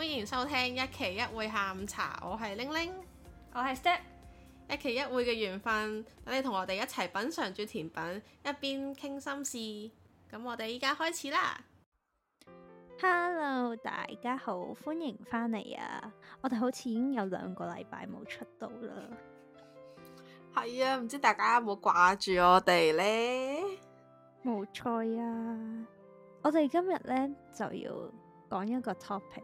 歡迎收聽一期一會下午茶，我係玲玲，我係 Step，一期一會嘅緣分，等你同我哋一齊品嘗住甜品，一邊傾心事。咁我哋依家開始啦。Hello，大家好，歡迎翻嚟啊！我哋好似已經有兩個禮拜冇出到啦，係啊，唔知大家有冇掛住我哋呢？冇錯啊！我哋今日呢，就要講一個 topic。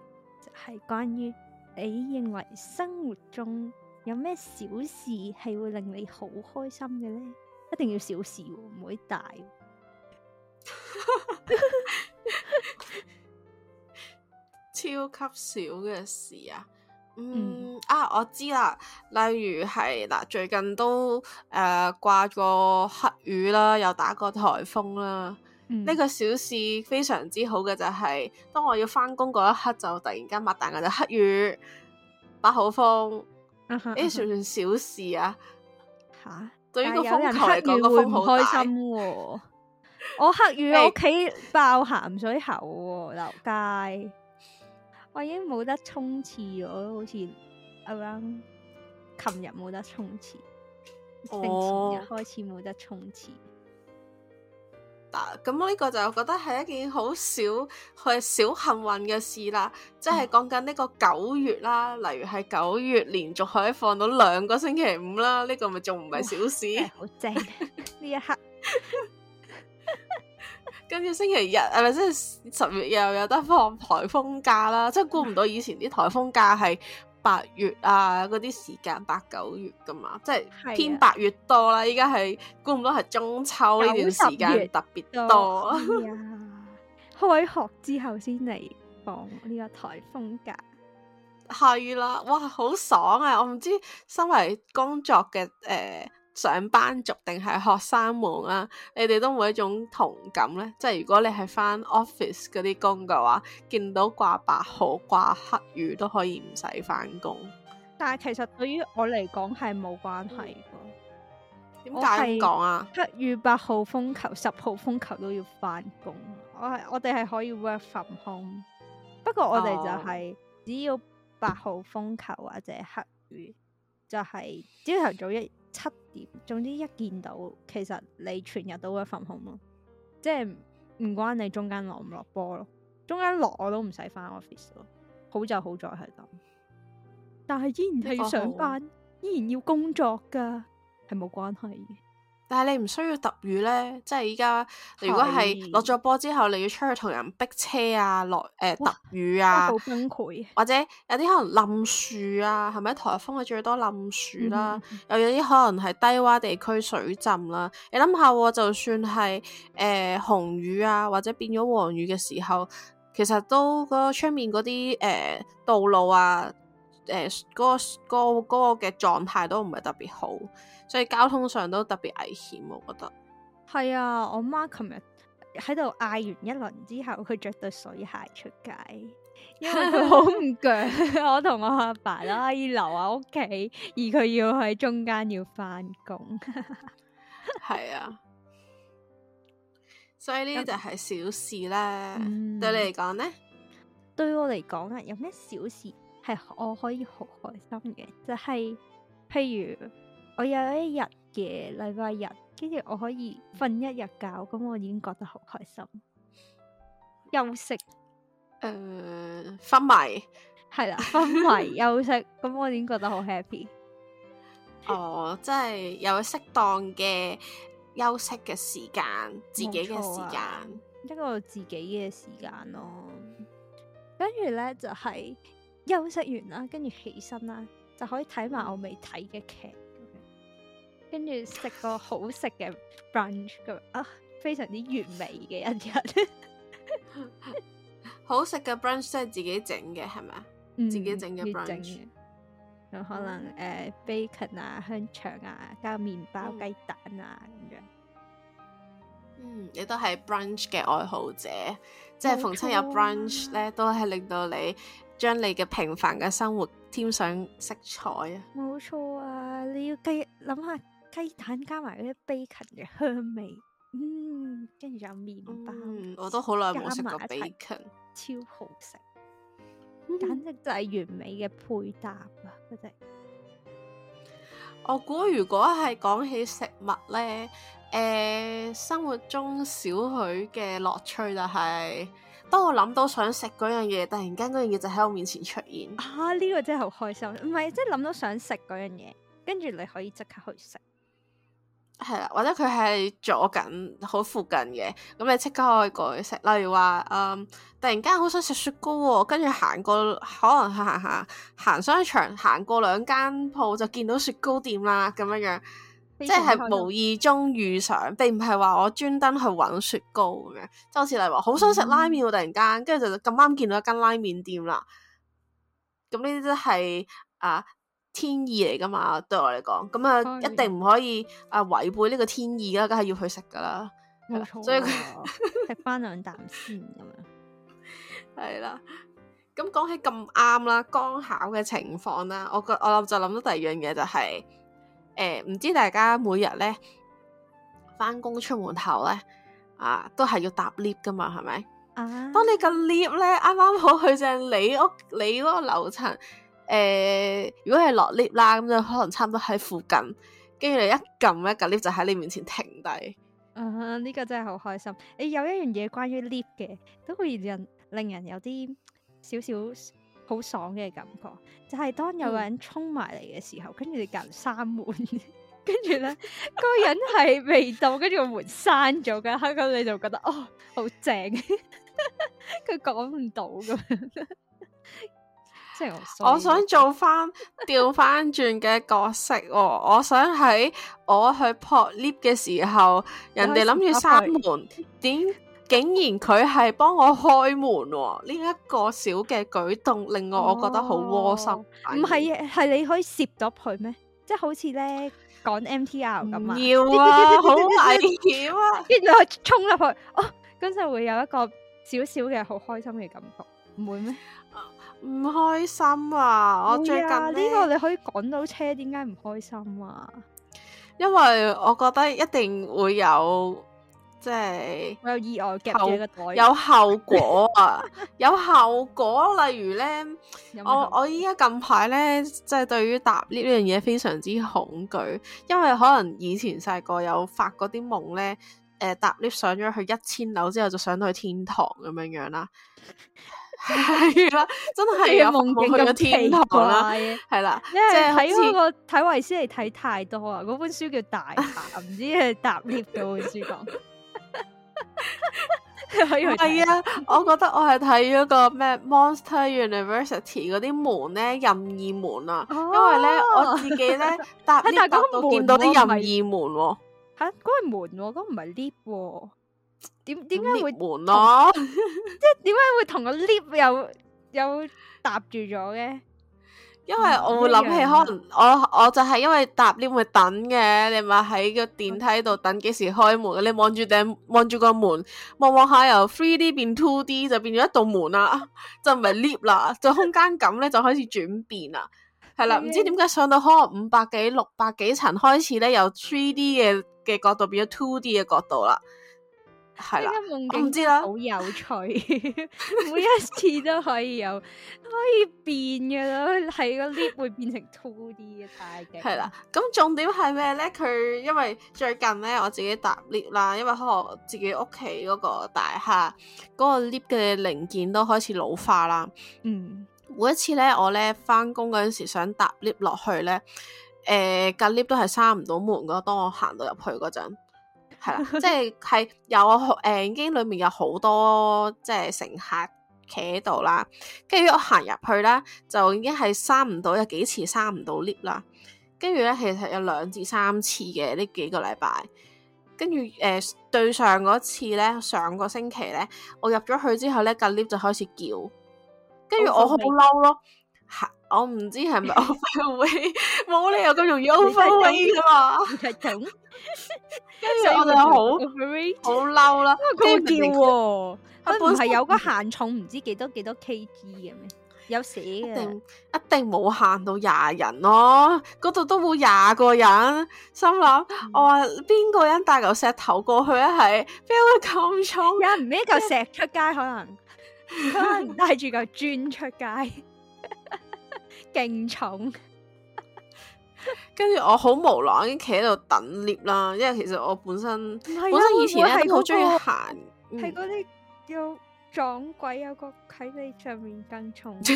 係關於你認為生活中有咩小事係會令你好開心嘅呢？一定要小事，唔會大，超級小嘅事啊！嗯，嗯啊，我知啦，例如係嗱，最近都誒掛過黑雨啦，又打過台風啦。呢、嗯、個小事非常之好嘅就係、是，當我要翻工嗰一刻就突然間擘大眼，就黑雨把口風，呢條算小事啊？嚇哈！對呢但 個風台人開心個風好大，開心 我黑雨 我屋企爆鹹水喉喎、哦，流街我已經冇得沖廁咗，好似，琴日冇得沖廁，星期日開始冇得沖廁。嗱，咁呢個就我覺得係一件好少去小幸運嘅事啦，即係講緊呢個九月啦，嗯、例如係九月連續可以放到兩個星期五啦，呢、這個咪仲唔係小事？好正呢一刻，跟 住星期日係咪即係十月又有得放台風假啦？即係估唔到以前啲台風假係。八月啊，嗰啲時間八九月㗎嘛，即係偏八月多啦。依家係估唔到係中秋呢段時間特別多。 開學之後先嚟放呢個颱風假，係啦，啊，哇，好爽啊！我唔知身為工作嘅誒。呃上班族定係學生們啊，你哋都冇一種同感呢。即係如果你係翻 office 嗰啲工嘅話，見到掛八號掛黑雨都可以唔使翻工。但係其實對於我嚟講係冇關係嘅。點解講啊？黑雨八號風球、十號風球都要翻工、哦。我係我哋係可以 work from home，不過我哋就係只要八號風球或者黑雨，就係朝頭早一七。總之一見到，其實你全日都一份工咯，即係唔關你中間落唔落波咯，中間落我都唔使返 office 咯，好就好在係咁，但係依然係要上班，好依然要工作噶，係冇關係。但係你唔需要揼雨咧，即係依家，如果係落咗波之後，你要出去同人逼車啊，落誒揼、呃、雨啊，好崩潰。或者有啲可能冧樹啊，係咪？台風係最多冧樹啦，又、嗯、有啲可能係低洼地區水浸啦、啊。你諗下，就算係誒、呃、紅雨啊，或者變咗黃雨嘅時候，其實都嗰出面嗰啲誒道路啊，誒、呃、嗰、嗰個、嗰個嘅狀態都唔係特別好。所以交通上都特別危險，我覺得係啊！我媽琴日喺度嗌完一輪之後，佢着對水鞋出街，因為佢好唔腳。 我同我阿爸，爸都可以留喺屋企，而佢要喺中間要翻工。係 啊，所以呢啲就係小事咧，嗯、對你嚟講呢，對我嚟講咧，有咩小事係我可以好開心嘅？就係、係、譬如。我有一日嘅禮拜日，跟住我可以瞓一日覺，咁我已經覺得好開心。休息，誒、呃，昏迷係啦，昏迷 休息，咁我已經覺得好 happy。哦，即、就、係、是、有適當嘅休息嘅時間， 自己嘅時間、啊，一個自己嘅時間咯。跟住咧就係、是、休息完啦，跟住起身啦，就可以睇埋我未睇嘅劇。跟住食個好食嘅 brunch 咁 啊，非常之完美嘅一日。 好食嘅 brunch 都係自己整嘅係咪啊？嗯、自己整嘅 brunch，有可能誒、嗯呃、bacon 啊，香腸啊，加麵包、雞、嗯、蛋啊咁樣、嗯。你都係 brunch 嘅愛好者，啊、即係逢親有 brunch 咧，都係令到你將你嘅平凡嘅生活添上色彩啊！冇錯啊，你要繼續諗下。雞蛋加埋嗰啲培根嘅香味，嗯，跟住仲有麵包、嗯，我都好耐冇食過培根，超好食，嗯、簡直就係完美嘅配搭啊！只，我估如果係講起食物咧，誒、呃，生活中少許嘅樂趣就係、是、當我諗到想食嗰樣嘢，突然間嗰樣嘢就喺我面前出現啊！呢、呢個真係好開心，唔係，即係諗到想食嗰樣嘢，跟住你可以即刻去食。係啦，或者佢係左近，好附近嘅，咁你即刻可以過去食。例如話，嗯，突然間好想食雪糕喎、哦，跟住行過，可能去行下行商場，行過兩間鋪就見到雪糕店啦，咁樣樣，即係無意中遇上，並唔係話我專登去揾雪糕咁樣。即係好似例如話，好想食拉麵喎、哦，突然間，跟住、嗯、就咁啱見到一間拉麵店啦。咁呢啲都係啊。天意嚟噶嘛？對我嚟講，咁、哎、呀啊，一定唔可以啊違背呢個天意啦，梗係要去食噶啦。所以佢食翻兩啖先咁樣。係啦，咁講起咁啱啦，剛巧嘅情況啦，我覺我諗就諗到第二樣嘢就係、是，誒、呃、唔知大家每日咧翻工出門口咧，啊都係要搭 lift 噶嘛，係咪？啊！是是啊當你個 lift 咧啱啱好去正你屋你嗰個樓層。誒，如果係落 lift 啦，咁就可能差唔多喺附近，跟住你一撳呢架 lift 就喺你面前停低。啊，呢個真係好開心！誒，有一樣嘢關於 lift 嘅，都會人令人有啲少少好爽嘅感覺，就係、是、當有個人衝埋嚟嘅時候，嗯、跟住你隔人閂門，跟住咧個人係未到， 跟住個門閂咗㗎，咁你就覺得哦，好正！佢講唔到咁樣。 我想做翻調翻轉嘅角色，哦，我想喺我去撲 lift 嘅時候， 人哋諗住閂門，點 竟然佢係幫我開門，哦？呢、這、一個小嘅舉動，令我我覺得好窩心。唔係啊，係你可以攝咗佢咩？即係好似咧講 M T R 咁啊，好 危險啊！跟住去衝入去，哦，跟住會有一個少少嘅好開心嘅感覺，唔會咩？唔開心啊！我最近呢、哎這個你可以趕到車，點解唔開心啊？因為我覺得一定會有即係有意外，夾住個袋有後果啊！ 有後果，例如咧，我我依家近排咧，即係對於搭 lift 呢樣嘢非常之恐懼，因為可能以前細個有發過啲夢咧，誒、呃，搭 lift 上咗去一千樓之後，就上到去天堂咁樣樣啦。係啦，真係夢境咁嘅天。奇怪，係啦。你係喺呢個睇維斯你睇太多啊，嗰本書叫《大廈》，唔知係搭 lift 嘅書講。係啊，我覺得我係睇咗個咩《Monster University》嗰啲門咧，任意門啊。哦、因為咧，我自己咧搭 lift 搭到見到啲任意門、啊。吓、啊，嗰、嗰個門我咁唔 lift 點點解會門咯？即係點解會同個 lift 有有搭住咗嘅？ 因為我會諗起可能我 我就係因為搭 lift 會等嘅，你咪喺個電梯度等幾時開門？你望住頂望住個門望望下，由 three D 變 two D 就變咗一道門啦，就唔係 lift 啦，就空間感咧就開始轉變 啦。係啦，唔知點解上到可能五百幾六百幾層開始咧，由 three D 嘅嘅角度變咗 two D 嘅角度啦。係啦，我唔知啦。好有趣， 每一次都可以有， 可以變嘅。咯 的。係個 lift 會變成 two D 嘅，係啦。咁重點係咩咧？佢因為最近咧，我自己搭 lift 啦，因為可能自己屋企嗰個大廈嗰、嗰個 lift 嘅零件都開始老化啦。嗯，每一次咧，我咧翻工嗰陣時想搭 lift 落去咧，誒、呃，隔 lift 都係閂唔到門嗰，當我行到入去嗰陣。即係係有誒、嗯，已經裏面有好多即係乘客企喺度啦，跟住我行入去咧，就已經係閂唔到，有幾次閂唔到 lift 啦，跟住咧，其實有兩至三次嘅呢幾個禮拜，跟住誒，對上嗰次咧，上個星期咧，我入咗去之後咧，個 lift 就開始叫，跟住我好嬲咯。係我唔知係咪 overweight 冇理由咁容易 overweight 噶嘛？係咁， 跟住我就好好嬲啦，驚叫喎！佢唔係有個限重唔知幾多幾多 kg 嘅咩？有寫嘅，一定冇限到廿人咯。嗰度都冇廿個人，心諗 我話邊個人帶嚿石頭過去咧？係邊會咁重？有人孭嚿石出街， 可能可能帶住嚿磚出街。 勁超重，跟住我好無奈，已經企喺度等 lift 啦。因為其實我本身，啊、本身以前咧、那個、都好中意行，係嗰啲叫撞鬼，有個喺你上面更重。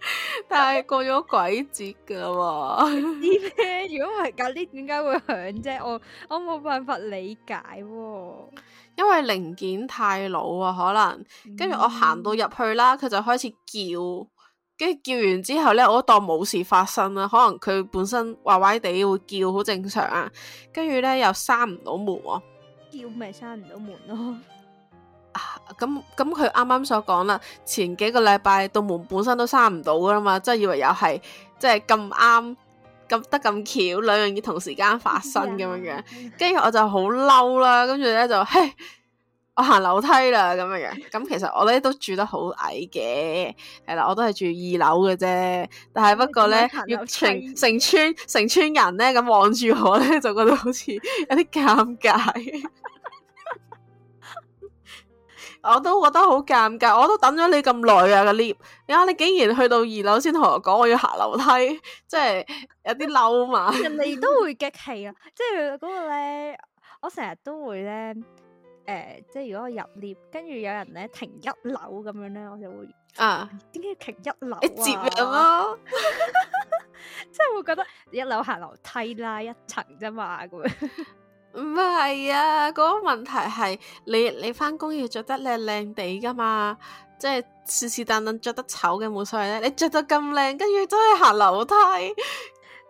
但係過咗鬼節噶啦，咦如果唔係咖喱點解會響啫？我我冇辦法理解，因為零件太老啊，可能。跟住、嗯、我行到入去啦，佢就開始叫。跟住叫完之後咧，我都當冇事發生啦。可能佢本身壞壞地會叫，好正常、哦哦、啊。跟住咧又閂唔到門，叫咪閂唔到門咯。啊，咁咁佢啱啱所講啦，前幾個禮拜到門本身都閂唔到噶啦嘛，即係以為又係即係咁啱咁得咁巧兩樣嘢同時間發生咁樣樣，跟住我就好嬲啦。跟住咧就嘿。Hey, 我行樓梯啦，咁樣樣。咁其實我咧都住得好矮嘅，係啦，我都係住二樓嘅啫。但係不過咧，成成村成村人咧咁望住我咧，就覺得好似有啲尷尬。 我都覺得好尷尬，我都等咗你咁耐啊，個 lift。啊，你竟然去到二樓先同我講我要行樓梯，即 係、就是、有啲嬲嘛？ 人哋、就是、都會激氣啊，即係嗰個咧，我成日都會咧。誒、呃，即係如果我入 𨋢，跟住有人咧停一樓咁樣咧，我就會啊，點解停一樓啊？接人咁咯，即 係 會覺得一樓行樓梯啦，一層啫嘛，咁樣唔係啊？嗰、嗰個問題係你你返工要着得靚靚地噶嘛，即係是是但但着得醜嘅冇所謂咧，你着得咁靚，跟住都係行樓梯。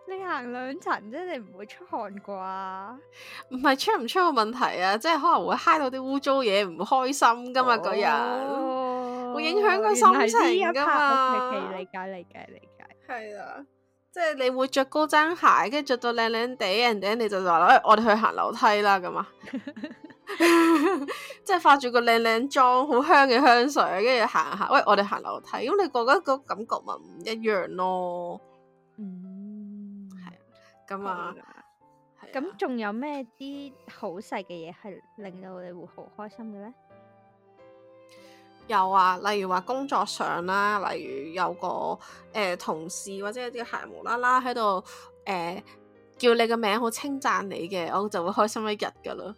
你行兩層啫，你唔會出汗啩？唔係出唔出個問題啊，即係可能會嗨到啲污糟嘢，唔開心噶嘛、啊，嗰日、哦、會影響個心情噶嘛、啊。理解理解理解，係啦，即係、啊就是、你會着高踭鞋，跟住着到靚靚地，人哋你就話喂、哎，我哋去行樓梯啦，咁啊， 即係化住個靚靚妝，好香嘅香水，跟住行下，喂，我哋行樓梯，咁你覺得個感覺咪唔一樣咯？嗯。噶嘛，咁仲有咩啲好細嘅嘢係令到你會好開心嘅咧？有啊，例如話工作上啦，例如有個誒、呃、同事或者有啲鞋無啦啦喺度誒叫你個名，好稱讚你嘅，我就會開心一日噶咯。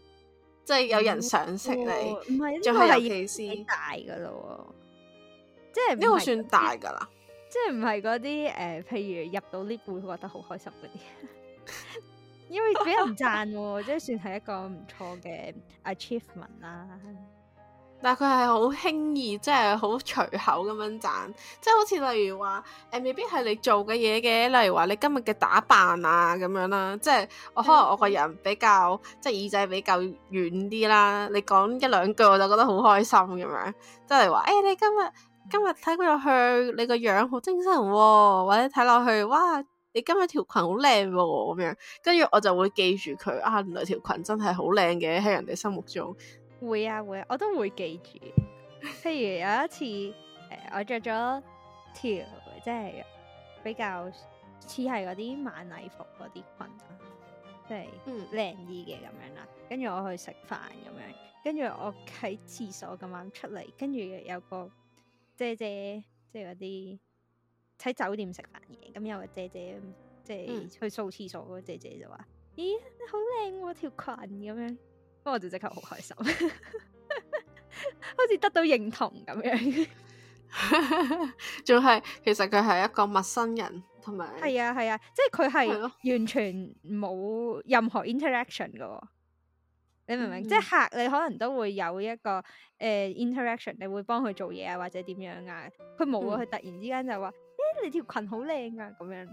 即係有人賞識你，唔係、嗯，仲係其次大噶咯。即係呢個算大噶啦，即係唔係嗰啲誒，譬如入到呢步覺得好開心嗰啲。 因為俾人讚喎、啊， 即係算係一個唔錯嘅 achievement 啦、啊。但係佢係好輕易，即係好隨口咁樣讚，即係好似例如話，誒、欸，未必係你做嘅嘢嘅。例如話你今日嘅打扮啊，咁樣啦，即係我可能我個人比較， 即係耳仔比較軟啲啦。你講一兩句我就覺得好開心咁樣，即係話，誒、欸，你今日今日睇佢落去，你個樣好精神、哦，或者睇落去，哇！你今日條裙好靚喎，咁樣，跟住我就會記住佢啊！原來條裙真係好靚嘅，喺人哋心目中。會啊，會啊，我都會記住。 譬如有一次，誒、呃，我着咗條即係比較似係嗰啲晚禮服嗰啲裙啊，即係靚啲嘅咁樣啦。跟住我去食飯咁樣，跟住我喺廁所咁啱出嚟，跟住有個姐姐即係嗰啲。喺酒店食飯嘢，咁有個姐姐，即係、嗯、去掃廁所個姐姐就話：咦，你好靚條、啊、裙咁樣，不過我就即刻好開心， 好似得到認同咁樣。仲 係其實佢係一個陌生人，同埋係啊係啊，即係佢係完全冇任何 interaction 噶。了你明唔明？嗯、即係客你可能都會有一個誒、呃、interaction，你會幫佢做嘢啊，或者點樣啊，佢冇啊，佢、嗯、突然之間就話。你條裙好靚啊！咁樣，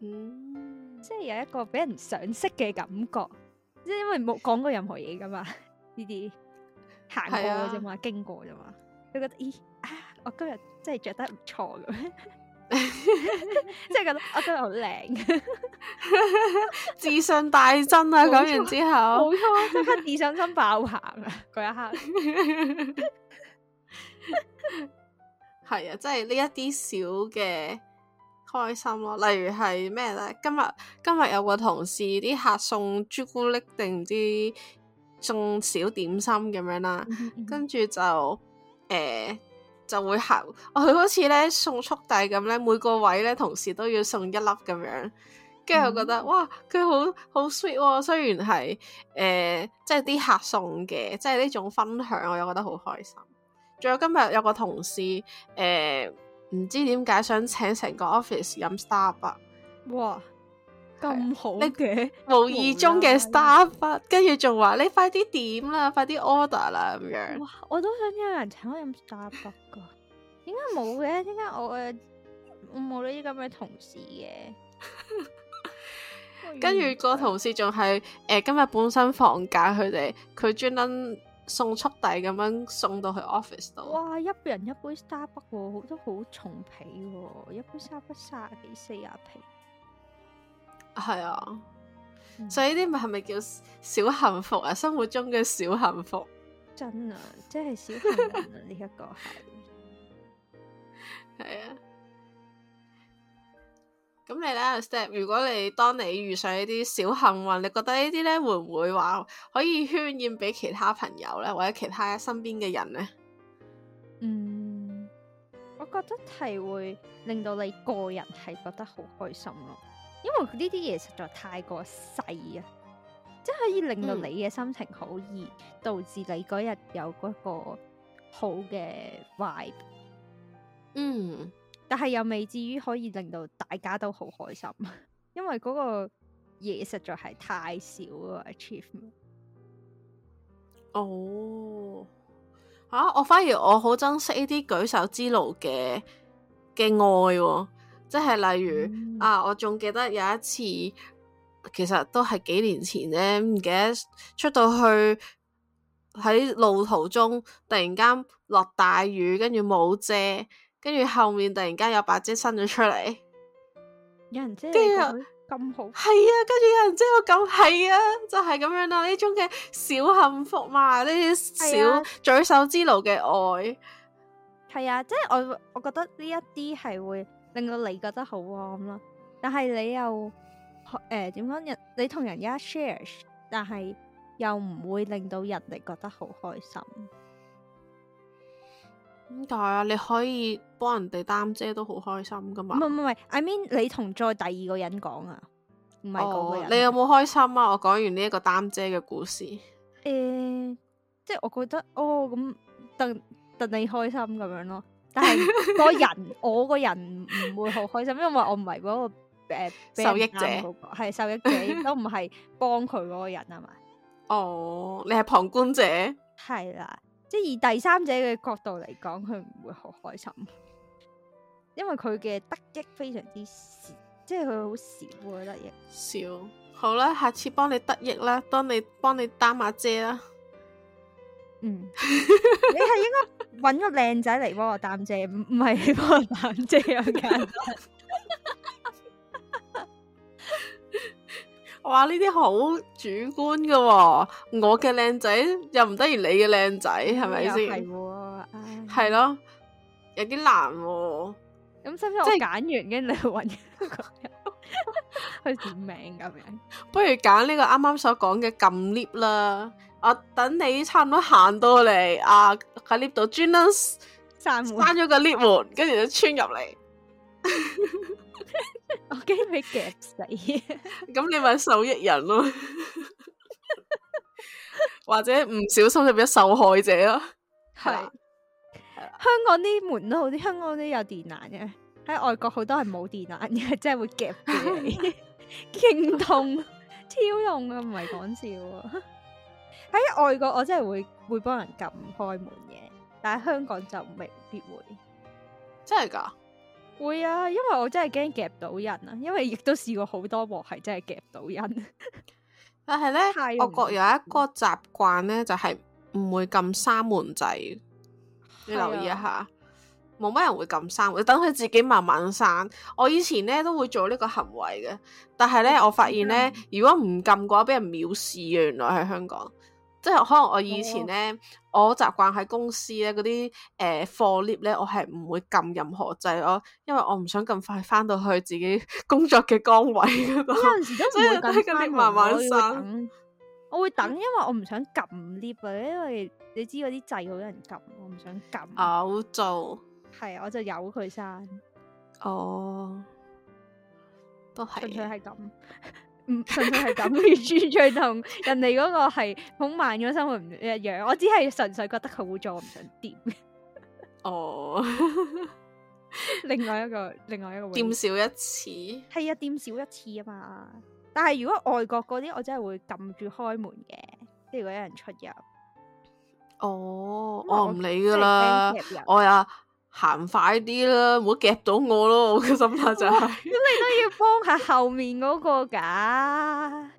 嗯，即係有一個俾人賞識嘅感覺，即係因為冇講過任何嘢噶嘛，呢啲行過嘅啫嘛，啊、經過啫嘛，就覺得咦啊，我今日真係着得唔錯嘅， 即係覺得我今日好靚， 自信大增啊！咁 講完之後，冇錯，即刻 自信心爆棚啊！嗰一刻。 係啊，即係呢一啲小嘅開心咯，例如係咩咧？今日今日有個同事啲客送朱古力定唔知送小點心咁樣啦，嗯嗯嗯跟住就誒、呃、就會行，我、哦、佢好似咧送速遞咁咧，每個位咧同事都要送一粒咁樣，跟住我覺得嗯嗯哇，佢好好 sweet，、哦、雖然係誒即係啲客送嘅，即係呢種分享，我又覺得好開心。仲有今日有個同事誒，唔知點解想請成個 office 飲 Starbucks。哇，咁好嘅！啊、 無意中嘅 Starbucks，跟住仲話你快啲點啦，快啲 order 啦咁樣。哇，我都想有人請我飲 Starbucks 噶，點解冇嘅？點解我我冇呢啲咁嘅同事嘅？ 原跟住個同事仲係誒，今日本身放假，佢哋佢專登。送速遞咁樣送到去 office 度。哇，一人一杯 Starbucks，好多好重皮喎，一杯 Starbucks 三啊幾四啊皮。係啊、嗯，所以呢啲咪係咪叫小幸福啊？生活中嘅小幸福。真啊，即係小幸福啊，呢一個係。係、 嗯、 啊。咁你咧，Step，如果你當你遇上一啲小幸運，你覺得呢啲咧會唔會話可以渲染俾其他朋友咧，或者其他身邊嘅人咧？嗯，我覺得係會令到你個人係覺得好開心咯、啊，因為呢啲嘢實在太過細啊，即係可以令到你嘅心情好易、嗯、導致你嗰日有嗰個好嘅 vibe。嗯。但係又未至於可以令到大家都好開心，因為嗰個嘢實在係太少啦。Achievement 哦，吓、啊、我反而我好珍惜呢啲舉手之勞嘅嘅愛、哦，即係例如、嗯、啊，我仲記得有一次，其實都係幾年前呢，唔記得出到去喺路途中突然間落大雨，跟住冇遮。跟住後，後面突然間有把遮伸咗出嚟，有人遮你咁好，係啊。跟住有人知我咁，係啊，就係、是、咁樣啊。呢種嘅小幸福嘛，呢啲小舉手、啊、之勞嘅愛，係啊，即係我我覺得呢一啲係會令到你覺得好安、啊、啦。但係你又誒點講人？你同人家 share，但係又唔會令到人哋覺得好開心。點解啊？你可以幫人哋擔遮都好開心㗎嘛？唔係唔係，I mean 你同再第二個人講啊，唔係嗰個人。哦、你有冇開心啊？我講完呢一個擔遮嘅故事。誒、欸，即係我覺得哦，咁戥戥你開心咁樣咯。但係個人， 我個人唔會好開心，因為我唔係嗰個誒、呃嗰個、受益者，係受益者都唔係幫佢嗰個人啊嘛。哦，你係旁觀者。係啦。即係以第三者嘅角度嚟講，佢唔會好開心，因為佢嘅得益非常之少，即係佢好少嘅得益少。少好啦，下次幫你得益啦，當你幫你擔下遮啦。嗯， 你係應該揾個靚仔嚟幫我擔遮，唔唔係你幫我擔遮咁哇！呢啲好主觀噶、哦，我嘅靚仔又唔等於你嘅靚仔，係咪先？係咯，有啲難、哦。咁，使唔使我即係揀完跟你，去搵佢點名咁樣？不如揀呢個啱啱所講嘅撳 lift 啦。我等你差唔多行到嚟啊，喺 lift 度專登關咗個 lift 門，跟住就穿入嚟。 我驚俾夾死，咁你咪受益人咯，或者唔小心就變受害者咯。係 吧 香港啲門都好，啲香港都有電纜嘅，喺外國好多係冇電纜嘅， 真係會夾住你，勁痛跳用啊，唔係講笑啊。喺外國我真係會會幫人撳開門嘅，但係香港就未必會，真係噶。會啊，因為我真係驚夾到人啊，因為亦都試過好多鑊係真係夾到人。 但係呢， 我覺有一個習慣呢，就係、是、唔會撳閂門仔。你留意一下，冇乜、啊、人會撳閂門，等佢自己慢慢閂。我以前呢都會做呢個行為嘅，但係呢，我發現呢，嗯、如果唔撳嘅話，俾人藐視原來喺香港。即係可能我以前咧、oh. 呃，我習慣喺公司咧，嗰啲誒貨 lift 咧，我係唔會撳任何掣咯，因為我唔想咁快返到去自己工作嘅崗位。嗰陣時都唔會咁快以，慢慢閂。我會等，因為我唔想撳 lift 啊，因為你知嗰啲掣好多人撳，我唔想撳、oh, so.。我做，係我就由佢閂。哦，都係，純粹係咁。唔純粹係咁，專登同人哋嗰個係好慢嘅生活唔一樣。我只係純粹覺得佢污糟，唔想掂。哦，另外一個另外一個掂少一次係啊，掂少一次啊嘛。但係如果外國嗰啲，我真係會撳住開門嘅，即係如果有人出入。哦、oh, 為，我唔理噶啦，我呀。行快啲啦，唔好夾到我咯！我嘅心態就係咁，你都要幫下後面嗰個噶，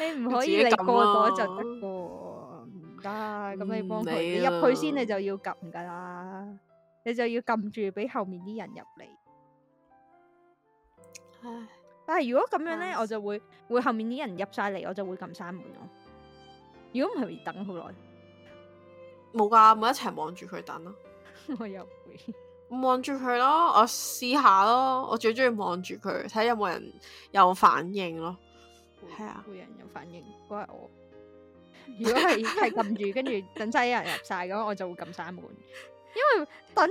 你唔可以你過咗就得噶，唔得咁你要幫佢，你入去先，你就要撳噶啦，你就要撳住俾後面啲人入嚟。唉，但係如果咁樣咧，我就會會後面啲人入晒嚟，我就會撳閂門咯。如果唔係，等好耐，冇噶，咪一齊望住佢等咯。我又會望住佢咯，我試下咯，我最中意望住佢睇有冇人有反應咯。係每啊，冇人有反應，嗰係我。如果係係撳住， 跟住等晒啲人入晒，嘅話，咁我就會撳閂門，因為等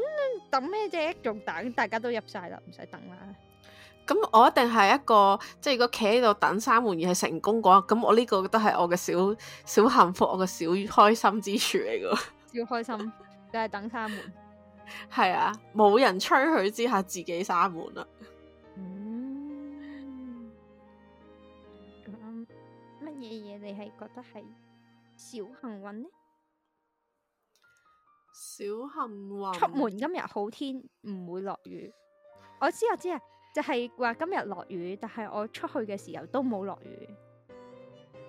等咩啫？仲等大家都入晒啦，唔使等啦。咁我一定係一個，即係如果企喺度等閂門而係成功嘅話，咁我呢個都係我嘅小小幸福，我嘅小開心之處嚟噶。要開心梗係等閂門。 係啊，冇人催佢之下，自己閂門啦，嗯。嗯，乜嘢嘢你係覺得係小幸運呢？小幸運。出門今日好天，唔會落雨。我知我知啊，就係、是、話今日落雨，但係我出去嘅時候都冇落雨。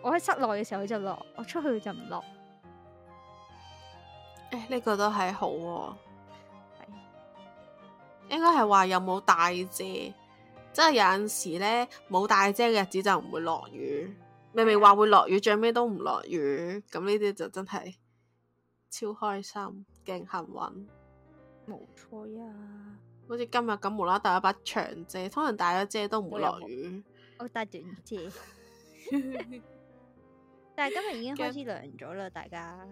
我喺室內嘅時候佢就落，我出去就唔落。誒、欸，呢個都係好、啊。應該係話有冇帶遮，即係有陣時咧冇帶遮嘅日子就唔會落雨。明明話會落雨，最尾都唔落雨，咁呢啲就真係超開心，勁幸運。冇錯呀，好似今日咁無啦啦帶一把長遮，通常帶咗遮都唔會落雨。我帶短遮， 但係今日已經開始涼咗啦，大家。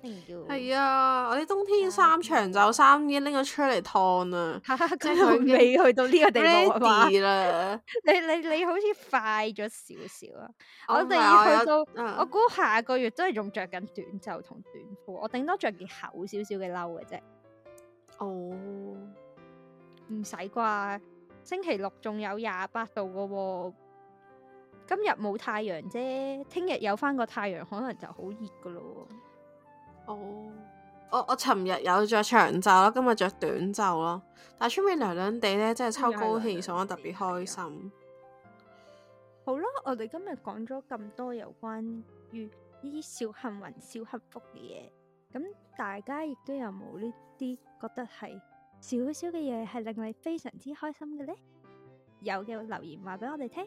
定要係啊！我哋冬天衫長袖衫已經拎咗出嚟燙啦，即係未去到呢個地方。啊你你你好似快咗少少啊！哦、我哋去到，我估、嗯、下個月都係仲着緊短袖同短褲，我頂多着件厚少少嘅褸嘅啫。哦，唔使啩，星期六仲有廿八度噶喎、哦。今日冇太陽啫，聽日有翻個太陽，可能就好熱噶咯。哦，我我尋日有着長袖咯，今日着短袖咯，但係出面涼涼地咧，真係秋高氣爽，特別開心。看 you 好啦，我哋今日講咗咁多有關於呢啲小幸運、小幸福嘅嘢，咁 大家亦都有冇呢啲覺得係少少嘅嘢係令你非常之開心嘅呢？有嘅留言話俾我哋聽。